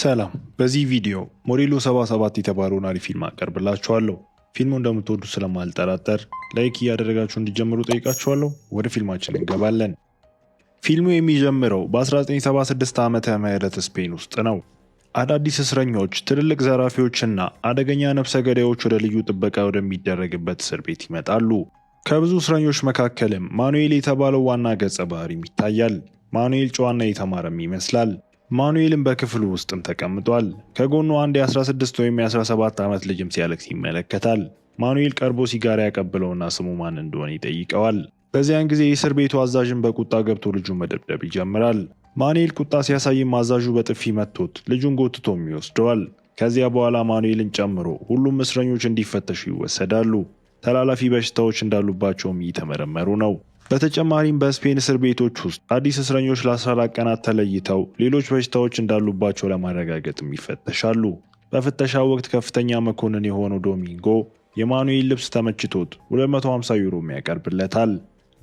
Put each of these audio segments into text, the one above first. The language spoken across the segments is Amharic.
ሰላም በዚህ ቪዲዮ ሞዴሉ 77 የተባለውን አሪፍ ፊልም አቀርብላችኋለሁ። ፊልሙ እንደምትወዱ ስለማልጠራጠር ላይክ እያደረጋችሁ እንዲጀምሩ ጠይቃችኋለሁ። ወደ ፊልማችን እንገባለን። ፊልሙ የሚጀምረው በ1976 ዓመተ ምህረት ስፔን ውስጥ ነው። አዳዲስ እስረኞች፣ ትልልቅ ዘራፊዎችና አደገኛ ነፍሰ ገዳዮች ወደ ልዩ ጥበቃ ወደሚደረግበት እስር ቤት ይመጣሉ። ከብዙ እስረኞች መካከልም ማኑኤል የተባለው ዋና ገጸ ባህሪም ይታያል። ማኑኤል ጨዋና የተማረም ይመስላል። ማኑኤልም በክፍሉ ውስጥም ተቀምጧል። ከጎኑ አንድ የ16 ወይም የ17 ዓመት ልጅም ሲያለቅስ ይመለከታል። ማኑኤል ቀርቦ ሲጋራ ያቀብለውና ስሙ ማን እንደሆነ ይጠይቀዋል። በዚያን ጊዜ የእስር ቤቱ አዛዥን በቁጣ ገብቶ ልጁን መደብደብ ይጀምራል። ማኑኤል ቁጣ ሲያሳይም አዛዡ በጥፊ መቶት ልጁን ጎትቶም ይወስደዋል። ከዚያ በኋላ ማኑኤልን ጨምሮ ሁሉም እስረኞች እንዲፈተሹ ይወሰዳሉ። ተላላፊ በሽታዎች እንዳሉባቸውም እየተመረመሩ ነው። በተጨማሪም በስፔን እስር ቤቶች ውስጥ አዲስ እስረኞች ለ14 ቀናት ተለይተው ሌሎች በሽታዎች እንዳሉባቸው ለማረጋገጥም ይፈተሻሉ። በፍተሻ ወቅት ከፍተኛ መኮንን የሆነው ዶሚንጎ የማኑኤል ልብስ ተመችቶት 250 ዩሮም ያቀርብለታል።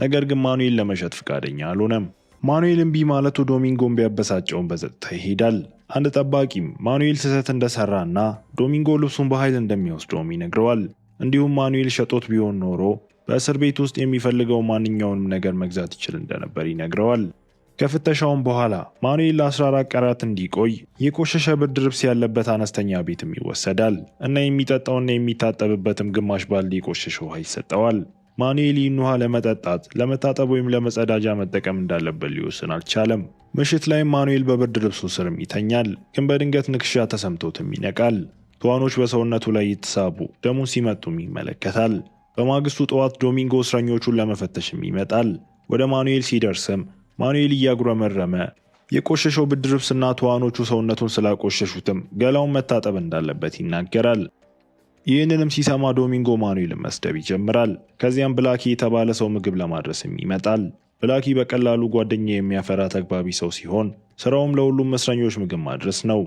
ነገር ግን ማኑኤል ለመሸጥ ፍቃደኛ አልሆነም። ማኑኤል እምቢ ማለቱ ዶሚንጎን ቢያበሳጨውን በጸጥታ ይሄዳል። አንድ ጠባቂም ማኑኤል ስህተት እንደሰራና ዶሚንጎ ልብሱን በኃይል እንደሚወስደውም ይነግረዋል። እንዲሁም ማኑኤል ሸጦት ቢሆን ኖሮ በእስር ቤት ውስጥ የሚፈልገው ማንኛውንም ነገር መግዛት ይችል እንደነበር ይነግረዋል። ከፍተሻውም በኋላ ማኑኤል ለ14 ቀናት እንዲቆይ የቆሸሸ ብርድ ልብስ ያለበት አነስተኛ ቤትም ይወሰዳል እና የሚጠጣውና የሚታጠብበትም ግማሽ ባልዲ የቆሸሸ ውሃ ይሰጠዋል። ማኑኤል ይህን ውሃ ለመጠጣት፣ ለመታጠብ ወይም ለመጸዳጃ መጠቀም እንዳለበት ሊወስን አልቻለም። ምሽት ላይም ማኑኤል በብርድ ልብሱ ስርም ይተኛል፣ ግን በድንገት ንክሻ ተሰምቶትም ይነቃል። ተዋኖች በሰውነቱ ላይ እየተሳቡ ደሙን ሲመጡም ይመለከታል። በማግስቱ ጠዋት ዶሚንጎ እስረኞቹን ለመፈተሽም ይመጣል። ወደ ማኑኤል ሲደርስም ማኑኤል እያጉረመረመ የቆሸሸው ብርድ ልብስና ተዋኖቹ ሰውነቱን ስላቆሸሹትም ገላውን መታጠብ እንዳለበት ይናገራል። ይህንንም ሲሰማ ዶሚንጎ ማኑኤልን መስደብ ይጀምራል። ከዚያም ብላኪ የተባለ ሰው ምግብ ለማድረስም ይመጣል። ብላኪ በቀላሉ ጓደኛ የሚያፈራ ተግባቢ ሰው ሲሆን ስራውም ለሁሉም እስረኞች ምግብ ማድረስ ነው።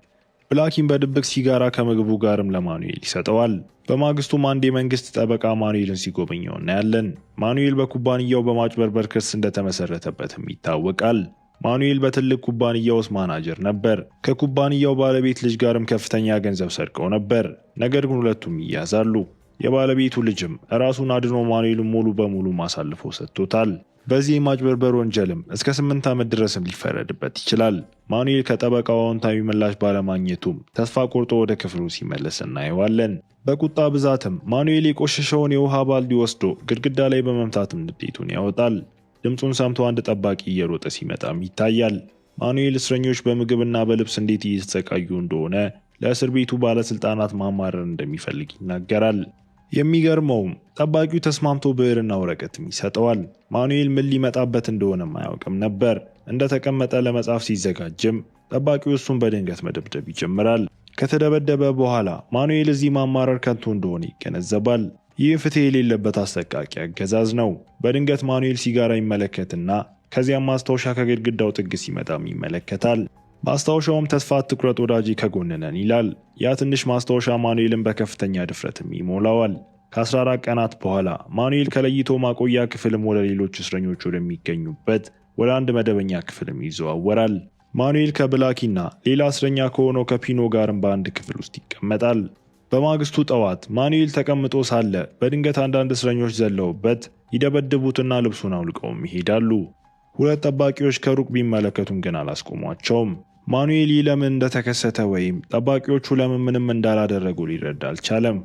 ብላኪን በድብቅ ሲጋራ ከምግቡ ጋርም ለማኑኤል ይሰጠዋል። በማግስቱም አንድ የመንግስት ጠበቃ ማኑኤልን ሲጎበኘው እናያለን። ማኑኤል በኩባንያው በማጭበርበር ክስ እንደተመሰረተበትም ይታወቃል። ማኑኤል በትልቅ ኩባንያ ውስጥ ማናጀር ነበር። ከኩባንያው ባለቤት ልጅ ጋርም ከፍተኛ ገንዘብ ሰርቀው ነበር። ነገር ግን ሁለቱም ይያዛሉ። የባለቤቱ ልጅም ራሱን አድኖ ማኑኤልን ሙሉ በሙሉ አሳልፎ ሰጥቶታል። በዚህ የማጭበርበር ወንጀልም እስከ ስምንት ዓመት ድረስም ሊፈረድበት ይችላል። ማኑኤል ከጠበቃው አዎንታዊ ምላሽ ባለማግኘቱም ተስፋ ቆርጦ ወደ ክፍሉ ሲመለስ እናየዋለን። በቁጣ ብዛትም ማኑኤል የቆሸሸውን የውሃ ባልዲ ወስዶ ግድግዳ ላይ በመምታትም ንዴቱን ያወጣል። ድምፁን ሰምቶ አንድ ጠባቂ እየሮጠ ሲመጣም ይታያል። ማኑኤል እስረኞች በምግብና በልብስ እንዴት እየተሰቃዩ እንደሆነ ለእስር ቤቱ ባለስልጣናት ማማረር እንደሚፈልግ ይናገራል። የሚገርመውም ጠባቂው ተስማምቶ ብዕርና ወረቀትም ይሰጠዋል። ማኑኤል ምን ሊመጣበት እንደሆነም አያውቅም ነበር። እንደተቀመጠ ለመጻፍ ሲዘጋጅም ጠባቂው እሱን በድንገት መደብደብ ይጀምራል። ከተደበደበ በኋላ ማኑኤል እዚህ ማማረር ከንቱ እንደሆነ ይገነዘባል። ይህ ፍትህ የሌለበት አሰቃቂ አገዛዝ ነው። በድንገት ማኑኤል ሲጋራ ይመለከትና ከዚያም ማስታወሻ ከግድግዳው ጥግ ሲመጣም ይመለከታል። ማስታወሻውም ተስፋ አትቁረጥ ወዳጅ ከጎንነን ይላል። ያ ትንሽ ማስታወሻ ማኑኤልን በከፍተኛ ድፍረትም ይሞላዋል። ከ14 ቀናት በኋላ ማኑኤል ከለይቶ ማቆያ ክፍልም ወደ ሌሎች እስረኞች ወደሚገኙበት ወደ አንድ መደበኛ ክፍልም ይዘዋወራል። ማኑኤል ከብላኪና ሌላ እስረኛ ከሆነው ከፒኖ ጋርም በአንድ ክፍል ውስጥ ይቀመጣል። በማግስቱ ጠዋት ማኑኤል ተቀምጦ ሳለ በድንገት አንዳንድ እስረኞች ዘለውበት ይደበድቡትና ልብሱን አውልቀውም ይሄዳሉ። ሁለት ጠባቂዎች ከሩቅ ቢመለከቱም ግን አላስቆሟቸውም። ማኑኤሊ ለምን እንደተከሰተ ወይም ጠባቂዎቹ ለምን ምንም እንዳላደረጉ ሊረዳ አልቻለም።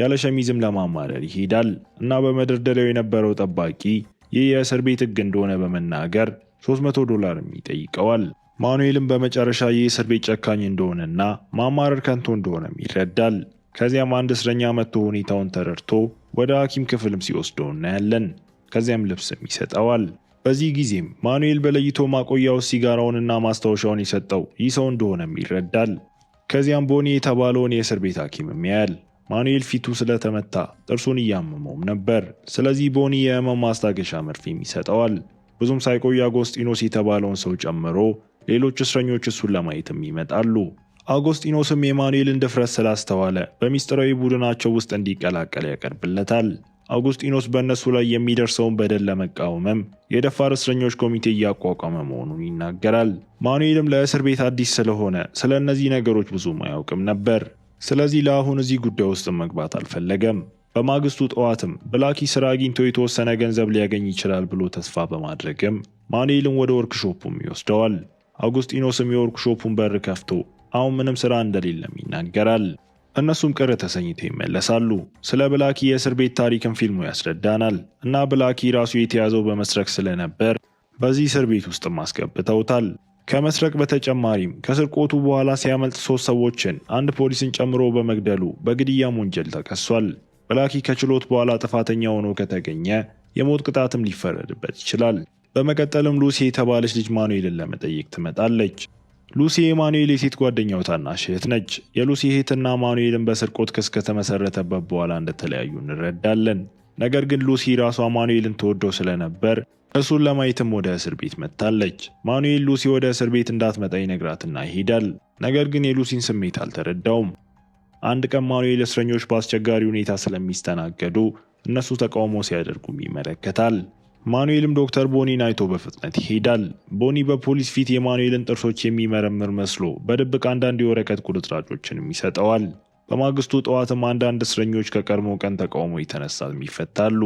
ያለ ሸሚዝም ለማማረር ይሄዳል እና በመደርደሪያው የነበረው ጠባቂ ይህ የእስር ቤት ሕግ እንደሆነ በመናገር 300 ዶላርም ይጠይቀዋል። ማኑኤልም በመጨረሻ ይህ እስር ቤት ጨካኝ እንደሆነና ማማረር ከንቶ እንደሆነም ይረዳል። ከዚያም አንድ እስረኛ መጥቶ ሁኔታውን ተረድቶ ወደ ሐኪም ክፍልም ሲወስደው እናያለን። ከዚያም ልብስም ይሰጠዋል። በዚህ ጊዜም ማኑኤል በለይቶ ማቆያው ሲጋራውንና ማስታወሻውን የሰጠው ይህ ሰው እንደሆነም ይረዳል። ከዚያም ቦኒ የተባለውን የእስር ቤት ሐኪምም ያያል። ማኑኤል ፊቱ ስለተመታ ጥርሱን እያመመውም ነበር። ስለዚህ ቦኒ የህመም ማስታገሻ መርፌም ይሰጠዋል። ብዙም ሳይቆይ አጎስጢኖስ የተባለውን ሰው ጨምሮ ሌሎች እስረኞች እሱን ለማየትም ይመጣሉ። አጎስጢኖስም የማኑኤልን ድፍረት ስላስተዋለ በሚስጥራዊ ቡድናቸው ውስጥ እንዲቀላቀል ያቀርብለታል። አውጉስጢኖስ በእነሱ ላይ የሚደርሰውን በደል ለመቃወምም የደፋር እስረኞች ኮሚቴ እያቋቋመ መሆኑን ይናገራል። ማኑኤልም ለእስር ቤት አዲስ ስለሆነ ስለ እነዚህ ነገሮች ብዙም አያውቅም ነበር። ስለዚህ ለአሁን እዚህ ጉዳይ ውስጥ መግባት አልፈለገም። በማግስቱ ጠዋትም ብላኪ ስራ አግኝቶ የተወሰነ ገንዘብ ሊያገኝ ይችላል ብሎ ተስፋ በማድረግም ማኑኤልም ወደ ወርክሾፑም ይወስደዋል። አውጉስጢኖስም የወርክሾፑን በር ከፍቶ አሁን ምንም ስራ እንደሌለም ይናገራል። እነሱም ቅር ተሰኝተው ይመለሳሉ። ስለ ብላኪ የእስር ቤት ታሪክን ፊልሙ ያስረዳናል እና ብላኪ ራሱ የተያዘው በመስረቅ ስለነበር በዚህ እስር ቤት ውስጥም አስገብተውታል። ከመስረቅ በተጨማሪም ከስርቆቱ በኋላ ሲያመልጥ ሶስት ሰዎችን አንድ ፖሊስን ጨምሮ በመግደሉ በግድያም ወንጀል ተከሷል። ብላኪ ከችሎት በኋላ ጥፋተኛ ሆኖ ከተገኘ የሞት ቅጣትም ሊፈረድበት ይችላል። በመቀጠልም ሉሲ የተባለች ልጅ ማኑኤልን ለመጠየቅ ትመጣለች። ሉሲ የማኑኤል የሴት ጓደኛው ታናሽ እህት ነች። የሉሲ እህትና ማኑኤልን በስርቆት ክስ ከተመሰረተበት በኋላ እንደተለያዩ እንረዳለን። ነገር ግን ሉሲ ራሷ ማኑኤልን ትወደው ስለነበር እሱን ለማየትም ወደ እስር ቤት መጥታለች። ማኑኤል ሉሲ ወደ እስር ቤት እንዳትመጣ ይነግራትና ይሄዳል። ነገር ግን የሉሲን ስሜት አልተረዳውም። አንድ ቀን ማኑኤል እስረኞች በአስቸጋሪ ሁኔታ ስለሚስተናገዱ እነሱ ተቃውሞ ሲያደርጉም ይመለከታል። ማኑኤልም ዶክተር ቦኒን አይቶ በፍጥነት ይሄዳል። ቦኒ በፖሊስ ፊት የማኑኤልን ጥርሶች የሚመረምር መስሎ በድብቅ አንዳንድ የወረቀት ቁርጥራጮችንም ይሰጠዋል። በማግስቱ ጠዋትም አንዳንድ እስረኞች ከቀድሞ ቀን ተቃውሞ የተነሳ ይፈታሉ።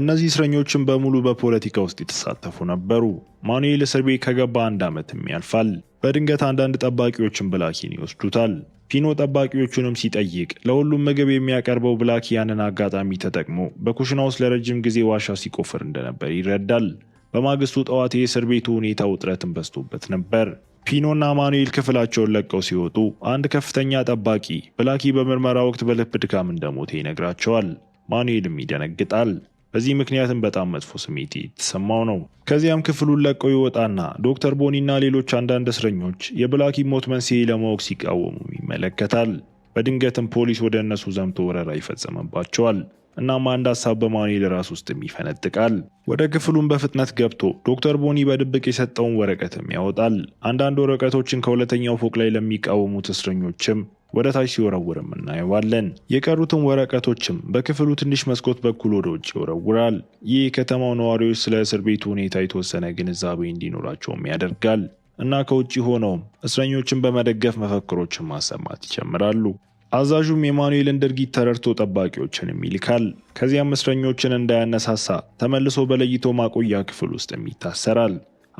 እነዚህ እስረኞችን በሙሉ በፖለቲካ ውስጥ የተሳተፉ ነበሩ። ማኑኤል እስር ቤት ከገባ አንድ ዓመትም ያልፋል። በድንገት አንዳንድ ጠባቂዎችን ብላኪን ይወስዱታል። ፒኖ ጠባቂዎቹንም ሲጠይቅ ለሁሉም ምግብ የሚያቀርበው ብላኪ ያንን አጋጣሚ ተጠቅሞ በኩሽና ውስጥ ለረጅም ጊዜ ዋሻ ሲቆፍር እንደነበር ይረዳል። በማግስቱ ጠዋት የእስር ቤቱ ሁኔታ ውጥረትን በዝቶበት ነበር። ፒኖና ማኑኤል ክፍላቸውን ለቀው ሲወጡ አንድ ከፍተኛ ጠባቂ ብላኪ በምርመራ ወቅት በልብ ድካም እንደሞተ ይነግራቸዋል። ማኑኤልም ይደነግጣል። በዚህ ምክንያትም በጣም መጥፎ ስሜት የተሰማው ነው። ከዚያም ክፍሉን ለቀው ይወጣና ዶክተር ቦኒ እና ሌሎች አንዳንድ እስረኞች የብላኪ ሞት መንስኤ ለማወቅ ሲቃወሙ ይመለከታል። በድንገትም ፖሊስ ወደ እነሱ ዘምቶ ወረራ ይፈጸመባቸዋል። እናም አንድ ሀሳብ በማኑኤል ራስ ውስጥም ይፈነጥቃል። ወደ ክፍሉም በፍጥነት ገብቶ ዶክተር ቦኒ በድብቅ የሰጠውን ወረቀትም ያወጣል። አንዳንድ ወረቀቶችን ከሁለተኛው ፎቅ ላይ ለሚቃወሙት እስረኞችም ወደ ታች ሲወረውርም እናየዋለን። የቀሩትን ወረቀቶችም በክፍሉ ትንሽ መስኮት በኩል ወደ ውጭ ይወረውራል። ይህ የከተማው ነዋሪዎች ስለ እስር ቤቱ ሁኔታ የተወሰነ ግንዛቤ እንዲኖራቸውም ያደርጋል እና ከውጭ ሆነውም እስረኞችን በመደገፍ መፈክሮችን ማሰማት ይጀምራሉ። አዛዡም የማኑኤልን ድርጊት ተረድቶ ጠባቂዎችንም ይልካል። ከዚያም እስረኞችን እንዳያነሳሳ ተመልሶ በለይቶ ማቆያ ክፍል ውስጥም ይታሰራል።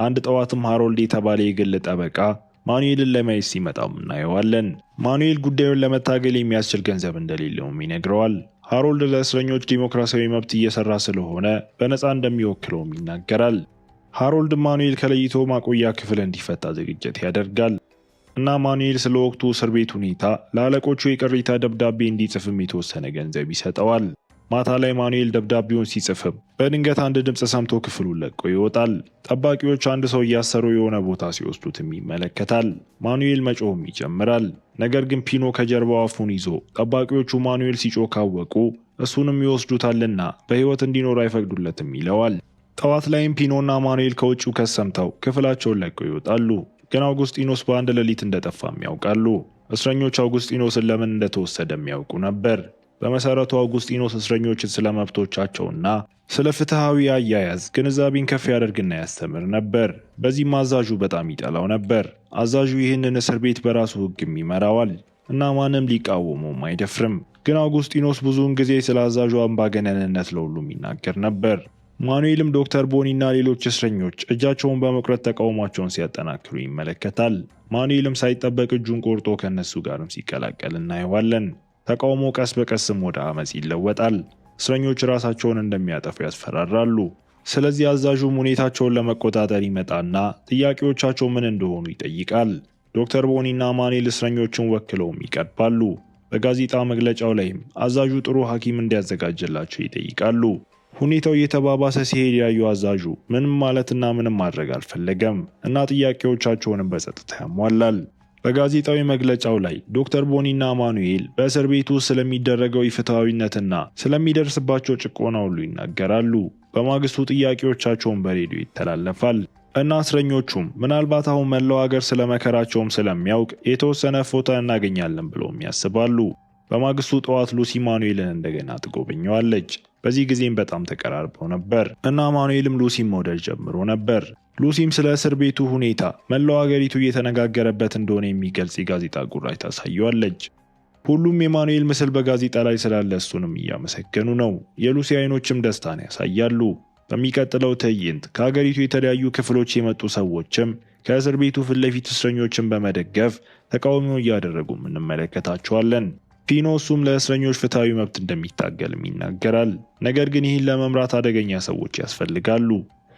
አንድ ጠዋትም ሃሮልድ የተባለ የግል ጠበቃ ማኑኤልን ለማየት ሲመጣም እናየዋለን። ማኑኤል ጉዳዩን ለመታገል የሚያስችል ገንዘብ እንደሌለውም ይነግረዋል። ሃሮልድ ለእስረኞች ዲሞክራሲያዊ መብት እየሰራ ስለሆነ በነፃ እንደሚወክለውም ይናገራል። ሃሮልድ ማኑኤል ከለይቶ ማቆያ ክፍል እንዲፈታ ዝግጅት ያደርጋል። እና ማኑኤል ስለ ወቅቱ እስር ቤት ሁኔታ ለአለቆቹ የቅሬታ ደብዳቤ እንዲጽፍም የተወሰነ ገንዘብ ይሰጠዋል። ማታ ላይ ማኑኤል ደብዳቤውን ሲጽፍም በድንገት አንድ ድምፅ ሰምቶ ክፍሉን ለቆ ይወጣል። ጠባቂዎች አንድ ሰው እያሰሩ የሆነ ቦታ ሲወስዱትም ይመለከታል። ማኑኤል መጮህም ይጀምራል። ነገር ግን ፒኖ ከጀርባው አፉን ይዞ ጠባቂዎቹ ማኑኤል ሲጮህ ካወቁ እሱንም ይወስዱታልና በሕይወት እንዲኖር አይፈቅዱለትም ይለዋል። ጠዋት ላይም ፒኖና ማኑኤል ከውጭው ከሰምተው ክፍላቸውን ለቀው ይወጣሉ። ግን አውጉስጢኖስ በአንድ ሌሊት እንደጠፋም ያውቃሉ። እስረኞች አውጉስጢኖስን ለምን እንደተወሰደም ያውቁ ነበር። በመሰረቱ አውጉስጢኖስ እስረኞችን ስለ መብቶቻቸውና ስለ ፍትሐዊ አያያዝ ግንዛቤን ከፍ ያደርግና ያስተምር ነበር። በዚህም አዛዡ በጣም ይጠላው ነበር። አዛዡ ይህንን እስር ቤት በራሱ ሕግም ይመራዋል እና ማንም ሊቃወመውም አይደፍርም። ግን አውጉስጢኖስ ብዙውን ጊዜ ስለ አዛዡ አምባገነንነት ለሁሉም ይናገር ነበር። ማኑኤልም ዶክተር ቦኒ እና ሌሎች እስረኞች እጃቸውን በመቁረጥ ተቃውሟቸውን ሲያጠናክሩ ይመለከታል። ማኑኤልም ሳይጠበቅ እጁን ቆርጦ ከእነሱ ጋርም ሲቀላቀል እናየዋለን። ተቃውሞ ቀስ በቀስም ወደ አመፅ ይለወጣል። እስረኞች ራሳቸውን እንደሚያጠፉ ያስፈራራሉ። ስለዚህ አዛዡም ሁኔታቸውን ለመቆጣጠር ይመጣና ጥያቄዎቻቸው ምን እንደሆኑ ይጠይቃል። ዶክተር ቦኒ እና ማኑኤል እስረኞችን ወክለውም ይቀርባሉ። በጋዜጣ መግለጫው ላይም አዛዡ ጥሩ ሐኪም እንዲያዘጋጅላቸው ይጠይቃሉ። ሁኔታው እየተባባሰ ሲሄድ ያዩ አዛዡ ምንም ማለትና ምንም ማድረግ አልፈለገም እና ጥያቄዎቻቸውንም በጸጥታ ያሟላል። በጋዜጣዊ መግለጫው ላይ ዶክተር ቦኒና አማኑኤል በእስር ቤቱ ስለሚደረገው ኢፍትሐዊነትና ስለሚደርስባቸው ጭቆና ሁሉ ይናገራሉ። በማግስቱ ጥያቄዎቻቸውን በሬዲዮ ይተላለፋል እና እስረኞቹም ምናልባት አሁን መላው ሀገር ስለመከራቸውም ስለሚያውቅ የተወሰነ ፎታ እናገኛለን ብለውም ያስባሉ። በማግስቱ ጠዋት ሉሲ ማኑኤልን እንደገና ትጎበኘዋለች። በዚህ ጊዜም በጣም ተቀራርበው ነበር እና አማኑኤልም ሉሲም መውደድ ጀምሮ ነበር። ሉሲም ስለ እስር ቤቱ ሁኔታ መላው ሀገሪቱ እየተነጋገረበት እንደሆነ የሚገልጽ የጋዜጣ ጉራይ ታሳየዋለች። ሁሉም የማኑኤል ምስል በጋዜጣ ላይ ስላለ እሱንም እያመሰገኑ ነው። የሉሲ አይኖችም ደስታን ያሳያሉ። በሚቀጥለው ትዕይንት ከሀገሪቱ የተለያዩ ክፍሎች የመጡ ሰዎችም ከእስር ቤቱ ፊት ለፊት እስረኞችን በመደገፍ ተቃውሞ እያደረጉም እንመለከታቸዋለን። ፒኖ እሱም ለእስረኞች ፍትሐዊ መብት እንደሚታገልም ይናገራል። ነገር ግን ይህን ለመምራት አደገኛ ሰዎች ያስፈልጋሉ።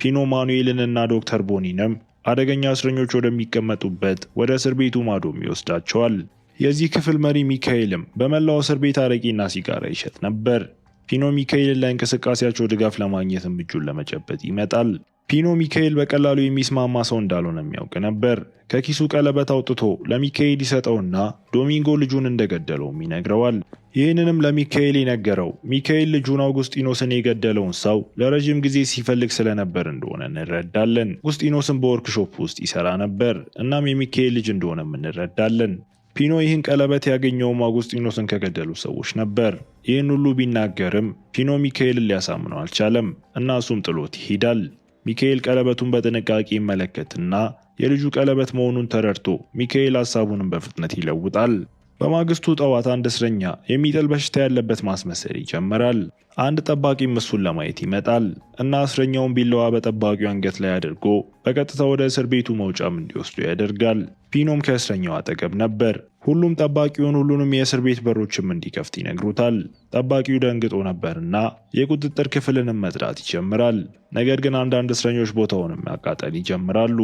ፒኖ ማኑኤልንና ዶክተር ቦኒንም አደገኛ እስረኞች ወደሚቀመጡበት ወደ እስር ቤቱ ማዶም ይወስዳቸዋል። የዚህ ክፍል መሪ ሚካኤልም በመላው እስር ቤት አረቂና ሲጋራ ይሸጥ ነበር። ፒኖ ሚካኤልን ለእንቅስቃሴያቸው ድጋፍ ለማግኘትም እጁን ለመጨበጥ ይመጣል። ፒኖ ሚካኤል በቀላሉ የሚስማማ ሰው እንዳልሆነ የሚያውቅ ነበር። ከኪሱ ቀለበት አውጥቶ ለሚካኤል ይሰጠውና ዶሚንጎ ልጁን እንደገደለውም ይነግረዋል። ይህንንም ለሚካኤል የነገረው ሚካኤል ልጁን አውጉስጢኖስን የገደለውን ሰው ለረዥም ጊዜ ሲፈልግ ስለነበር እንደሆነ እንረዳለን። አውጉስጢኖስን በወርክሾፕ ውስጥ ይሰራ ነበር። እናም የሚካኤል ልጅ እንደሆነም እንረዳለን። ፒኖ ይህን ቀለበት ያገኘውም አውጉስጢኖስን ከገደሉ ሰዎች ነበር። ይህን ሁሉ ቢናገርም ፒኖ ሚካኤልን ሊያሳምነው አልቻለም እና እሱም ጥሎት ይሄዳል። ሚካኤል ቀለበቱን በጥንቃቄ ይመለከትና የልጁ ቀለበት መሆኑን ተረድቶ ሚካኤል ሐሳቡንም በፍጥነት ይለውጣል። በማግስቱ ጠዋት አንድ እስረኛ የሚጥል በሽታ ያለበት ማስመሰል ይጀምራል። አንድ ጠባቂም እሱን ለማየት ይመጣል እና እስረኛውን ቢላዋ በጠባቂው አንገት ላይ አድርጎ በቀጥታ ወደ እስር ቤቱ መውጫም እንዲወስዱ ያደርጋል። ፒኖም ከእስረኛው አጠገብ ነበር። ሁሉም ጠባቂውን ሁሉንም የእስር ቤት በሮችም እንዲከፍት ይነግሩታል። ጠባቂው ደንግጦ ነበርና የቁጥጥር ክፍልንም መጥራት ይጀምራል። ነገር ግን አንዳንድ እስረኞች ቦታውንም ማቃጠል ይጀምራሉ።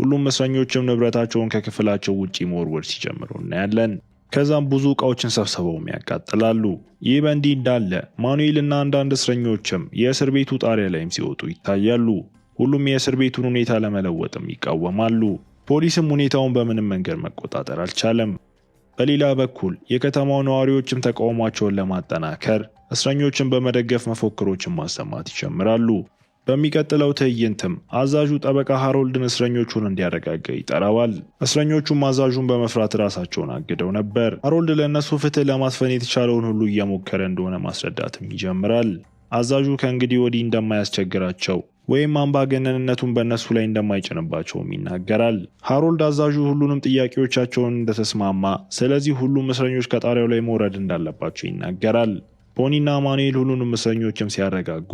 ሁሉም እስረኞችም ንብረታቸውን ከክፍላቸው ውጪ መወርወር ሲጀምሩ እናያለን። ከዛም ብዙ እቃዎችን ሰብስበውም ያቃጥላሉ። ይህ በእንዲህ እንዳለ ማኑኤልና አንዳንድ እስረኞችም የእስር ቤቱ ጣሪያ ላይም ሲወጡ ይታያሉ። ሁሉም የእስር ቤቱን ሁኔታ ለመለወጥም ይቃወማሉ። ፖሊስም ሁኔታውን በምንም መንገድ መቆጣጠር አልቻለም። በሌላ በኩል የከተማው ነዋሪዎችም ተቃውሟቸውን ለማጠናከር እስረኞችን በመደገፍ መፎክሮችን ማሰማት ይጀምራሉ። በሚቀጥለው ትዕይንትም አዛዡ ጠበቃ ሃሮልድን እስረኞቹን እንዲያረጋጋ ይጠራዋል። እስረኞቹም አዛዡን በመፍራት ራሳቸውን አግደው ነበር። ሃሮልድ ለእነሱ ፍትህ ለማስፈን የተቻለውን ሁሉ እየሞከረ እንደሆነ ማስረዳትም ይጀምራል። አዛዡ ከእንግዲህ ወዲህ እንደማያስቸግራቸው ወይም አምባገነንነቱን በእነሱ ላይ እንደማይጭንባቸውም ይናገራል። ሃሮልድ አዛዡ ሁሉንም ጥያቄዎቻቸውን እንደተስማማ፣ ስለዚህ ሁሉም እስረኞች ከጣሪያው ላይ መውረድ እንዳለባቸው ይናገራል። ቦኒና ማኑኤል ሁሉንም እስረኞችም ሲያረጋጉ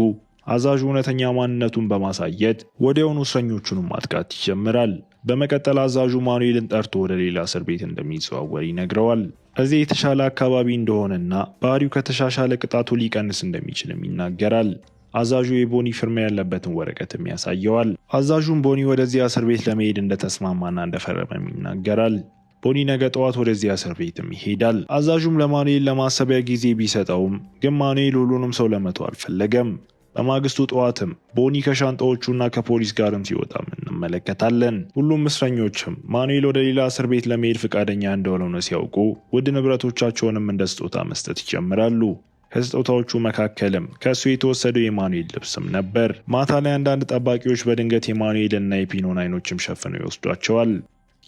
አዛዡ እውነተኛ ማንነቱን በማሳየት ወዲያውኑ እስረኞቹንም ማጥቃት ይጀምራል። በመቀጠል አዛዡ ማኑኤልን ጠርቶ ወደ ሌላ እስር ቤት እንደሚዘዋወር ይነግረዋል። እዚህ የተሻለ አካባቢ እንደሆነና ባህሪው ከተሻሻለ ቅጣቱ ሊቀንስ እንደሚችልም ይናገራል። አዛዡ የቦኒ ፊርማ ያለበትን ወረቀትም ያሳየዋል። አዛዡም ቦኒ ወደዚያ እስር ቤት ለመሄድ እንደተስማማና እንደፈረመም ይናገራል። ቦኒ ነገ ጠዋት ወደዚያ እስር ቤትም ይሄዳል። አዛዡም ለማኑኤል ለማሰቢያ ጊዜ ቢሰጠውም ግን ማኑኤል ሁሉንም ሰው ለመቶ አልፈለገም። በማግስቱ ጠዋትም ቦኒ ከሻንጣዎቹና ከፖሊስ ጋርም ሲወጣም እንመለከታለን። ሁሉም እስረኞችም ማኑኤል ወደ ሌላ እስር ቤት ለመሄድ ፈቃደኛ እንደሆነ ሲያውቁ ውድ ንብረቶቻቸውንም እንደ ስጦታ መስጠት ይጀምራሉ። ከስጦታዎቹ መካከልም ከእሱ የተወሰደው የማኑኤል ልብስም ነበር። ማታ ላይ አንዳንድ ጠባቂዎች በድንገት የማኑኤል እና የፒኖን አይኖችም ሸፍነው ይወስዷቸዋል።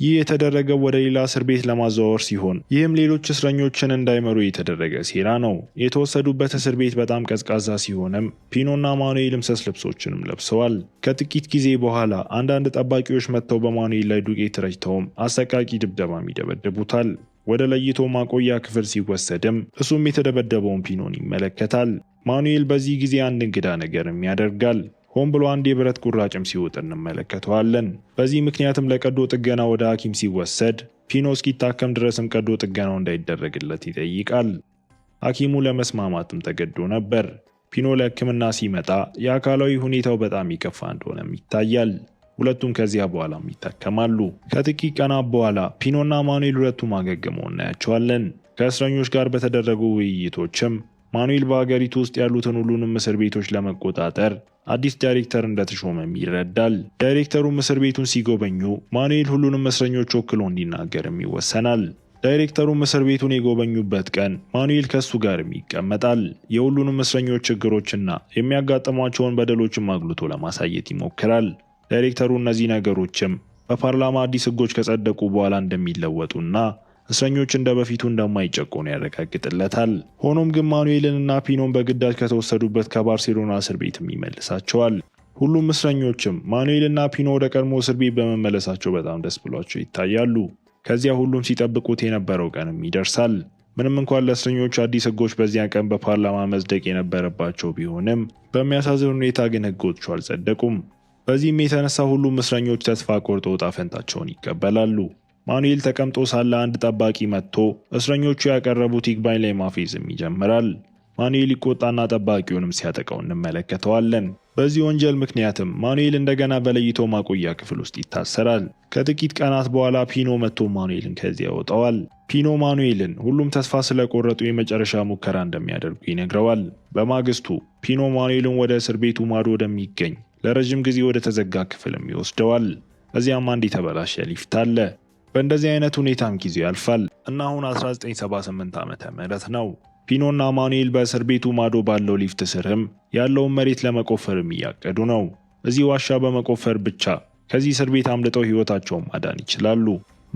ይህ የተደረገው ወደ ሌላ እስር ቤት ለማዘዋወር ሲሆን ይህም ሌሎች እስረኞችን እንዳይመሩ የተደረገ ሴራ ነው። የተወሰዱበት እስር ቤት በጣም ቀዝቃዛ ሲሆንም ፒኖና ማኑኤልም ልምሰስ ልብሶችንም ለብሰዋል። ከጥቂት ጊዜ በኋላ አንዳንድ ጠባቂዎች መጥተው በማኑኤል ላይ ዱቄት ረጭተውም አሰቃቂ ድብደባም ይደበደቡታል። ወደ ለይቶ ማቆያ ክፍል ሲወሰድም እሱም የተደበደበውን ፒኖን ይመለከታል። ማኑኤል በዚህ ጊዜ አንድ እንግዳ ነገርም ያደርጋል። ሆን ብሎ አንድ የብረት ቁራጭም ሲውጥ እንመለከተዋለን። በዚህ ምክንያትም ለቀዶ ጥገና ወደ ሐኪም ሲወሰድ ፒኖ እስኪታከም ድረስም ቀዶ ጥገናው እንዳይደረግለት ይጠይቃል። ሐኪሙ ለመስማማትም ተገዶ ነበር። ፒኖ ለሕክምና ሲመጣ የአካላዊ ሁኔታው በጣም ይከፋ እንደሆነም ይታያል። ሁለቱም ከዚያ በኋላም ይታከማሉ። ከጥቂት ቀናት በኋላ ፒኖና ማኑኤል ሁለቱም አገግመው እናያቸዋለን። ከእስረኞች ጋር በተደረጉ ውይይቶችም ማኑኤል በሀገሪቱ ውስጥ ያሉትን ሁሉንም እስር ቤቶች ለመቆጣጠር አዲስ ዳይሬክተር እንደተሾመም ይረዳል። ዳይሬክተሩም እስር ቤቱን ሲጎበኙ ማኑኤል ሁሉንም እስረኞች ወክሎ እንዲናገርም ይወሰናል። ዳይሬክተሩም እስር ቤቱን የጎበኙበት ቀን ማኑኤል ከሱ ጋርም ይቀመጣል። የሁሉንም እስረኞች ችግሮችና የሚያጋጥሟቸውን በደሎችም አጉልቶ ለማሳየት ይሞክራል። ዳይሬክተሩ እነዚህ ነገሮችም በፓርላማ አዲስ ህጎች ከጸደቁ በኋላ እንደሚለወጡና እስረኞች እንደ በፊቱ እንደማይጨቆኑ ያረጋግጥለታል። ሆኖም ግን ማኑኤልንና ፒኖን በግዳጅ ከተወሰዱበት ከባርሴሎና እስር ቤትም ይመልሳቸዋል። ሁሉም እስረኞችም ማኑኤልና ፒኖ ወደ ቀድሞ እስር ቤት በመመለሳቸው በጣም ደስ ብሏቸው ይታያሉ። ከዚያ ሁሉም ሲጠብቁት የነበረው ቀንም ይደርሳል። ምንም እንኳን ለእስረኞች አዲስ ህጎች በዚያን ቀን በፓርላማ መጽደቅ የነበረባቸው ቢሆንም በሚያሳዝን ሁኔታ ግን ህጎቹ አልጸደቁም። በዚህም የተነሳ ሁሉም እስረኞች ተስፋ ቆርጦ ዕጣ ፈንታቸውን ይቀበላሉ። ማኑኤል ተቀምጦ ሳለ አንድ ጠባቂ መጥቶ እስረኞቹ ያቀረቡት ይግባኝ ላይ ማፌዝም ይጀምራል። ማኑኤል ይቆጣና ጠባቂውንም ሲያጠቀው እንመለከተዋለን። በዚህ ወንጀል ምክንያትም ማኑኤል እንደገና በለይቶ ማቆያ ክፍል ውስጥ ይታሰራል። ከጥቂት ቀናት በኋላ ፒኖ መጥቶ ማኑኤልን ከዚያ ያወጣዋል። ፒኖ ማኑኤልን ሁሉም ተስፋ ስለቆረጡ የመጨረሻ ሙከራ እንደሚያደርጉ ይነግረዋል። በማግስቱ ፒኖ ማኑኤልን ወደ እስር ቤቱ ማዶ ወደሚገኝ ለረዥም ጊዜ ወደ ተዘጋ ክፍልም ይወስደዋል። እዚያም አንድ የተበላሸ ሊፍት አለ። በእንደዚህ አይነት ሁኔታም ጊዜ ያልፋል እና አሁን 1978 ዓመተ ምህረት ነው። ፒኖና ማኑኤል በእስር ቤቱ ማዶ ባለው ሊፍት ስርም ያለውን መሬት ለመቆፈርም እያቀዱ ነው። እዚህ ዋሻ በመቆፈር ብቻ ከዚህ እስር ቤት አምልጠው ህይወታቸውን ማዳን ይችላሉ።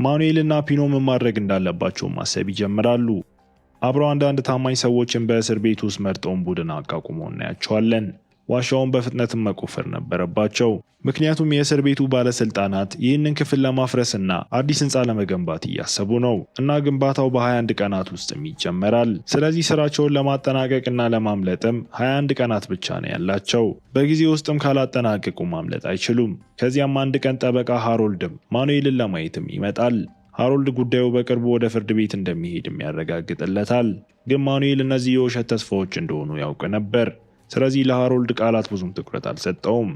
ማኑኤልና ፒኖ ምን ማድረግ እንዳለባቸው ማሰብ ይጀምራሉ። አብረው አንዳንድ ታማኝ ሰዎችን በእስር ቤት ውስጥ መርጠውን ቡድን አቋቁመው እናያቸዋለን። ዋሻውን በፍጥነትም መቆፈር ነበረባቸው። ምክንያቱም የእስር ቤቱ ባለስልጣናት ይህንን ክፍል ለማፍረስና አዲስ ህንፃ ለመገንባት እያሰቡ ነው እና ግንባታው በ21 ቀናት ውስጥም ይጀመራል። ስለዚህ ስራቸውን ለማጠናቀቅና ለማምለጥም 21 ቀናት ብቻ ነው ያላቸው። በጊዜ ውስጥም ካላጠናቀቁ ማምለጥ አይችሉም። ከዚያም አንድ ቀን ጠበቃ ሃሮልድም ማኑኤልን ለማየትም ይመጣል። ሃሮልድ ጉዳዩ በቅርቡ ወደ ፍርድ ቤት እንደሚሄድም ያረጋግጥለታል። ግን ማኑኤል እነዚህ የውሸት ተስፋዎች እንደሆኑ ያውቅ ነበር። ስለዚህ ለሃሮልድ ቃላት ብዙም ትኩረት አልሰጠውም።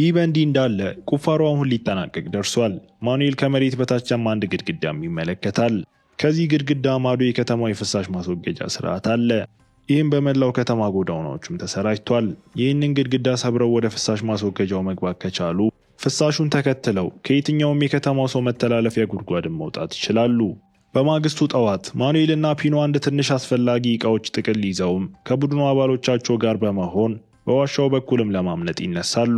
ይህ በእንዲህ እንዳለ ቁፋሮ አሁን ሊጠናቀቅ ደርሷል። ማኑኤል ከመሬት በታችም አንድ ግድግዳም ይመለከታል። ከዚህ ግድግዳ ማዶ የከተማው የፍሳሽ ማስወገጃ ስርዓት አለ። ይህም በመላው ከተማ ጎዳናዎችም ተሰራጅቷል። ይህንን ግድግዳ ሰብረው ወደ ፍሳሽ ማስወገጃው መግባት ከቻሉ ፍሳሹን ተከትለው ከየትኛውም የከተማው ሰው መተላለፊያ ጉድጓድን መውጣት ይችላሉ። በማግስቱ ጠዋት ማኑኤልና ፒኖ አንድ ትንሽ አስፈላጊ ዕቃዎች ጥቅል ይዘውም ከቡድኑ አባሎቻቸው ጋር በመሆን በዋሻው በኩልም ለማምለጥ ይነሳሉ።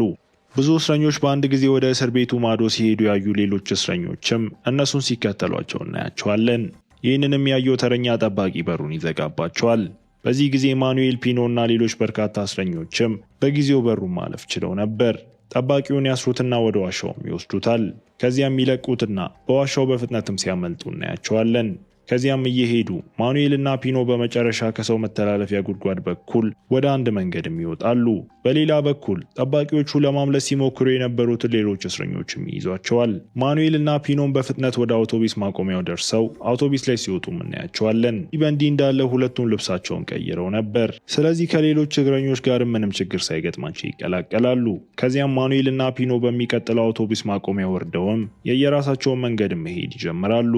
ብዙ እስረኞች በአንድ ጊዜ ወደ እስር ቤቱ ማዶ ሲሄዱ ያዩ ሌሎች እስረኞችም እነሱን ሲከተሏቸው እናያቸዋለን። ይህንንም ያየው ተረኛ ጠባቂ በሩን ይዘጋባቸዋል። በዚህ ጊዜ ማኑኤል ፒኖ እና ሌሎች በርካታ እስረኞችም በጊዜው በሩን ማለፍ ችለው ነበር። ጠባቂውን ያስሩትና ወደ ዋሻውም ይወስዱታል። ከዚያም ይለቁትና በዋሻው በፍጥነትም ሲያመልጡ እናያቸዋለን። ከዚያም እየሄዱ ማኑኤልና ፒኖ በመጨረሻ ከሰው መተላለፊያ ጉድጓድ በኩል ወደ አንድ መንገድም ይወጣሉ። በሌላ በኩል ጠባቂዎቹ ለማምለስ ሲሞክሩ የነበሩትን ሌሎች እስረኞችም ይይዟቸዋል። ማኑኤልና ፒኖም በፍጥነት ወደ አውቶቢስ ማቆሚያው ደርሰው አውቶቢስ ላይ ሲወጡም እናያቸዋለን። ይህ በእንዲህ እንዳለ ሁለቱም ልብሳቸውን ቀይረው ነበር። ስለዚህ ከሌሎች እግረኞች ጋር ምንም ችግር ሳይገጥማቸው ይቀላቀላሉ። ከዚያም ማኑኤልና ፒኖ በሚቀጥለው አውቶቢስ ማቆሚያ ወርደውም የየራሳቸውን መንገድ መሄድ ይጀምራሉ።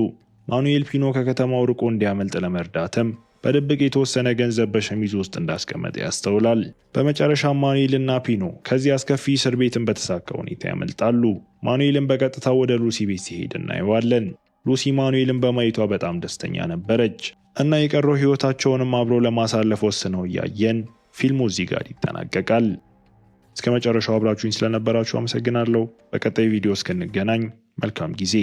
ማኑኤል ፒኖ ከከተማው ርቆ እንዲያመልጥ ለመርዳትም በድብቅ የተወሰነ ገንዘብ በሸሚዝ ውስጥ እንዳስቀመጠ ያስተውላል። በመጨረሻ ማኑኤልና ፒኖ ከዚህ አስከፊ እስር ቤትን በተሳካ ሁኔታ ያመልጣሉ። ማኑኤልን በቀጥታ ወደ ሉሲ ቤት ሲሄድ እናየዋለን። ሉሲ ማኑኤልን በማየቷ በጣም ደስተኛ ነበረች እና የቀረው ህይወታቸውንም አብሮ ለማሳለፍ ወስነው እያየን ፊልሙ እዚህ ጋር ይጠናቀቃል። እስከ መጨረሻው አብራችሁኝ ስለነበራችሁ አመሰግናለሁ። በቀጣይ ቪዲዮ እስክንገናኝ መልካም ጊዜ